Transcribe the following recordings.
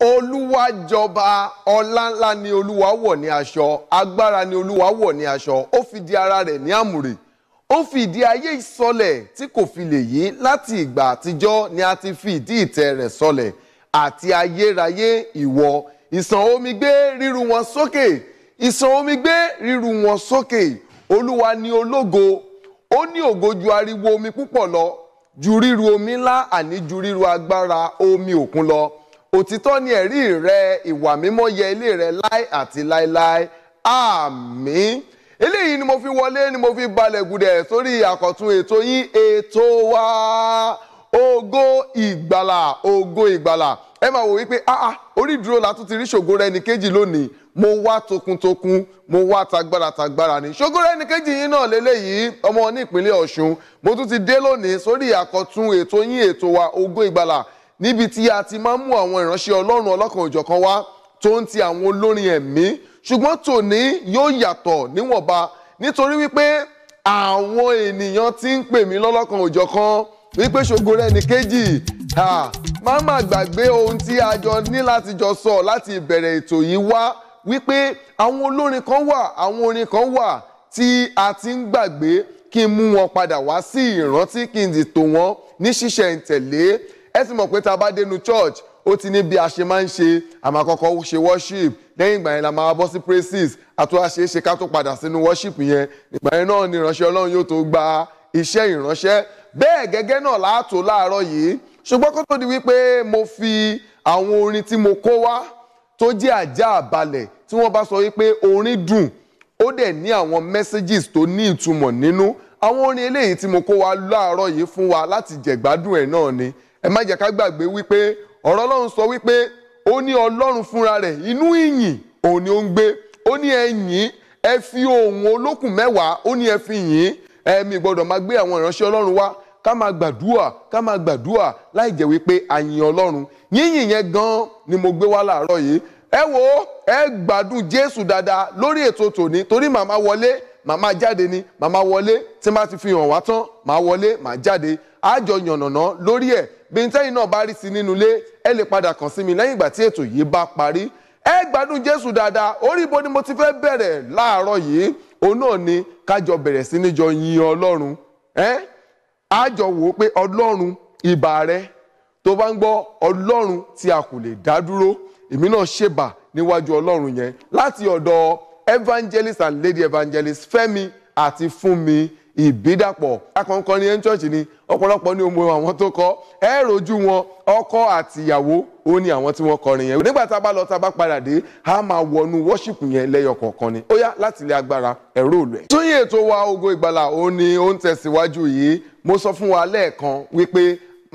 olúwa jọba ọlá ńlá ni olúwa wọ̀ ní aṣọ agbára ni olúwa wọ̀ ní aṣọ ó fi di ara rẹ̀ ní àmùrè ó fi ìdí ayé ìsọlẹ̀ tí kò fi lè yí láti ìgbà àtijọ́ ni a ti fi ìdí ìtẹ́ rẹ̀ sọlẹ̀ àti ayérayé ìwọ ìsàn omi gbé ríru wọn sókè ìsàn omi gbé ríru wọn sókè olúwa ni ológo ó ní ògo ariwo omi púpọ̀ lọ ju ríru omi ńlá àní ju ríru agbára omi òkun lọ òtítọ́ ni ẹ̀rí rẹ ìwà mímọ́ yẹ ilé rẹ láì àti láíláí àmín eléyìí ni mo fi wọlé ni mo fi balẹ̀ gùdẹ̀ sórí àkọ́tún ètò yín ètò wa ògo ìgbàlà ògo ìgbàlà ẹ máa wò wípé áá ah, ah, orí ìdúró la tún ti rí Ṣògorẹ́níkejì lónìí mo wá tokuntokun mo wá tagbára tagbára ni Ṣògorẹ́níkejì yín náà lélẹ́yìí ọmọ ní ìpínlẹ̀ Ọ̀ṣun mo tún ti dé lónìí sórí àkọ́tún ètò yín ètò wa ògo ìgbàlà níbi tí a ti máa ń mú àwọn ìránṣẹ́ ọlọ́run ọlọ́kan òjọ̀kan wá tó ń ti àwọn olórin ẹ̀mí ṣùgbọ́n tòní yóò yàtọ̀ níwọ̀nba nítorí wípé àwọn ènìyàn ti ń pè mí lọ́lọ́kan òjọ̀kan wípé ṣògo rẹ̀ ní kéjì má má gbàgbé ohun tí a jọ ní láti jọ sọ láti ìbẹ̀rẹ̀ ètò yìí wá wípé àwọn olórin kan wà àwọn orin kan wà tí a ti ń gbàgbé kí n mú wọn padà wá sí ìrántí kí n sì tò wọn ní ṣíṣẹ̀ ń ẹ sì mọ̀ pé tá a bá dénú church ó ti ní bí a ṣe máa ń ṣe àmọ́ àkọ́kọ́ ṣe worship lẹ́yìn ìgbà yẹn la máa bọ́ sí praises àtúwá ṣe é ṣe ká tó padà sínú worship yẹn ìgbà yẹn náà ni ìránṣẹ́ ọlọ́run yóò tó gba iṣẹ́ ìránṣẹ́ bẹ́ẹ̀ gẹ́gẹ́ náà láàtò láàárọ̀ yìí ṣùgbọ́n kó tó di wípé mo fi àwọn orin tí mo kó wá tó jẹ́ àjá àbalẹ̀ tí wọ́n bá sọ wípé orin dùn ó dẹ̀ ní àwọn messages tó ní ìtumọ̀ nínú àwọn orin eléyìí tí mo kó wá láàárọ̀ yìí fún wa láti jẹ̀gbádùn ẹ̀ náà ni ẹ má jẹ́ ká gbàgbé wípé ọ̀rọ̀ ọlọ́run sọ wípé ó ní ọlọ́run fúnra rẹ̀ inú ìyìn òun ni ó ń gbé ó ní ẹ yìn ẹ fi ohùn olókùn mẹ́wàá ó ní ẹ fi yìn ẹ̀mí gbọ́dọ̀ máa gbé àwọn ìránṣẹ́ ọlọ́run wá ká máa gbàdúà ká máa gbàdúà láì jẹ́ wípé àyìn ọlọ́run yíyìn yẹn gan ni mo gbé wá láàárọ̀ yìí ẹ wo ẹ gbádùn jésù dáadáa lórí ètò tòní torí màmá wọlé màá máa jáde ni màá máa wọlé tí màá ti fi hàn wá tán màá wọlé màá jáde àjọ yànnàná lórí ẹ̀ bí n tẹ́yìn náà bá rí sí nínú ilé ẹ lè padà kàn sí mi lẹ́yìn ìgbà tí ètò yìí bá parí ẹ gbádùn Jésù dáadáa orí ibo ni mo ti fẹ́ bẹ̀rẹ̀ láàárọ̀ yìí òun náà ni kájọ bẹ̀rẹ̀ sí níjọ yin Ọlọ́run ẹ́ àjọ wò ó pé Ọlọ́run ìbà rẹ tó bá ń gbọ́ Ọlọ́run tí a kò lè dá dúró èmi náà ṣèbà níwájú Ọlọ́run yẹn láti ọ̀dọ̀ evangelist and lady evangelist Fẹ́mi àti Fúnmi Ìbídàpọ̀ akọ̀ǹkọ̀rin ẹni church ni ọ̀pọ̀lọpọ̀ ní ọmọ àwọn tó kọ ẹ rojú wọn ọkọ àtìyàwó ó ní àwọn tí wọ́n kọrin yẹn nígbà tá a bá lọ tá a bá padà dé a máa wọnú worship yẹn lẹ́yọ kọ̀ọ̀kan ni ó yá láti ilé agbára ẹ̀rọ òlù ẹ̀. tóyè ètò wa Ògo Ìgbàlà ó ní ó ń tẹ̀síwájú yìí mo sọ fún wa lẹ́ẹ̀kan wípé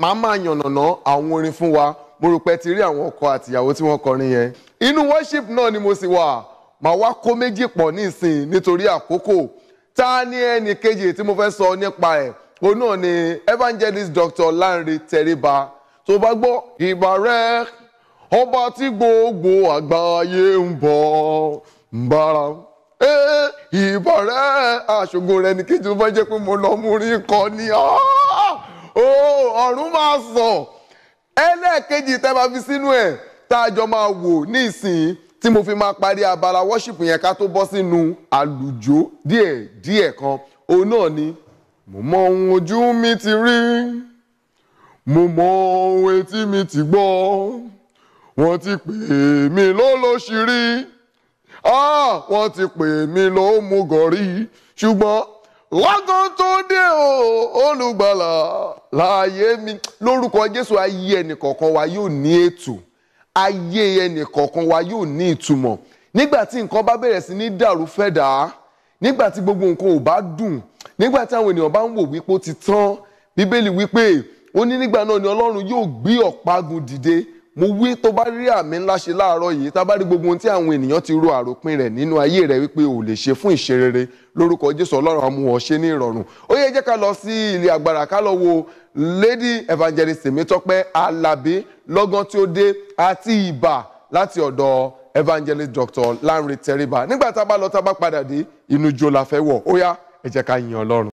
màá máa yànnàná àwọn orin fún wa mo rò pé ti rí àwọn ọkọ àtìyàwó tí wọ́n kọrin yẹn inú worship náà ni mo sì wà màá wá kó méjì pọ̀ nísìn nítorí àkókò ta ni ẹnì kejì tí mo fẹ́ sọ nípa ẹ̀ òun náà ni evangelist Dr. Lanre Tẹríba tó bá gbọ́ ìbà rẹ̀ ọba tí gbogbo àgbáyé ń bọ̀ ń bára eh, ìbà rẹ̀ àṣògo rẹ̀ ní kejì tó fẹ́ jẹ́ pé mo lọ mú rí kọ́ ni ah, oh, ọ̀run máa sàn ẹlẹ́ẹ̀kejì tẹ́ bá fi sínú ẹ̀ tá a jọ máa wò nísìnyí tí mo fi máa parí abala worship yẹn ká tó bọ́ sínú àlùjọ díẹ̀ díẹ̀ kan òun náà ni mo mọ ohun ojú mi ti rí mo mọ ohun etí mi ti gbọ́ wọ́n ti pè mí lólóṣìírí ah, wọ́n ti pè mí lómùgọ̀rí ṣùgbọ́n lọ́gán tó dé o olùgbàlà láàyè mi lórúkọ Jésù ayé ẹnìkọ̀ọ̀kan wa yóò ní ètò ayé ẹnìkọ̀ọ̀kan wa yóò ní ìtumọ̀ nígbà tí nǹkan bá bẹ̀rẹ̀ sí ní dàrú fẹ́ dà á nígbà tí gbogbo nǹkan ò bá dùn nígbà tí àwọn ènìyàn bá ń wò wípé ó ti tán bíbélì wípé ó ní nígbà náà ni ọlọ́run yóò gbé ọ̀págun dìde mo wí tó bá rí àmì ńlá ṣe láàárọ̀ yìí tá a bá rí gbogbo ohun tí àwọn ènìyàn ti ro àròpin rẹ̀ nínú ayé rẹ̀ wípé ò lè ṣe fún ìṣerere lórúkọ jésù ọlọ́run á ṣe ní ìrọ̀rùn ó yẹ jẹ́ ká lọ sí ilé agbára ká lọ wo lady evangelist Tèmítọ́pẹ́ Alábí lọ́gán tí ó dé àti ìbà láti ọ̀dọ̀ evangelist Dr. Lanre Tẹríba nígbà tá a bá lọ tá a bá padà dé inú ijó la fẹ́ wọ̀ ó yá ẹ jẹ́ ká yin Ọlọ́run.